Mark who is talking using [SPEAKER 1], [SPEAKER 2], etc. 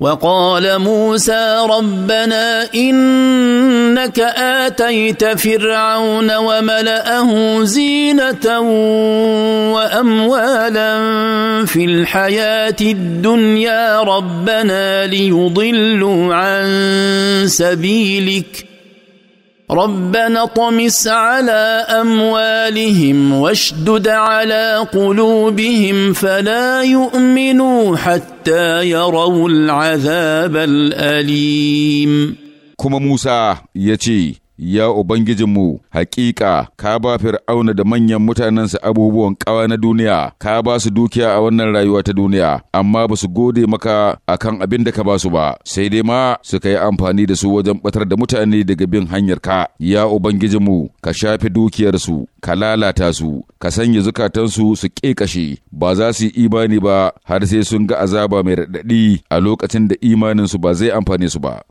[SPEAKER 1] وقال موسى ربنا انك اتيت فرعون وملاه زينه واموالا في الحياه الدنيا ربنا ليضلوا عن سبيلك ربنا طمس على اموالهم واشدد على قلوبهم فلا يؤمنوا حتى يروا
[SPEAKER 2] العذاب الاليم كما موسى يتي Ya Ubangijinmu, hakika ka ba Fir'auna da manyan mutanensa abubuwan ƙawa na duniya, ka ba su dukiya a wannan rayuwa ta duniya, amma ba su gode maka a kan abin da ka ba su ba, sai dai ma suka yi amfani da su wajen batar da mutane daga bin hanyar ka. Ya Ubangijinmu, ka shafe su, ka lalata su, ka sanya zukatansu su ƙeƙashe, ba za su yi imani ba har sai sun ga azaba mai raɗaɗi a lokacin da imaninsu ba zai amfane su ba.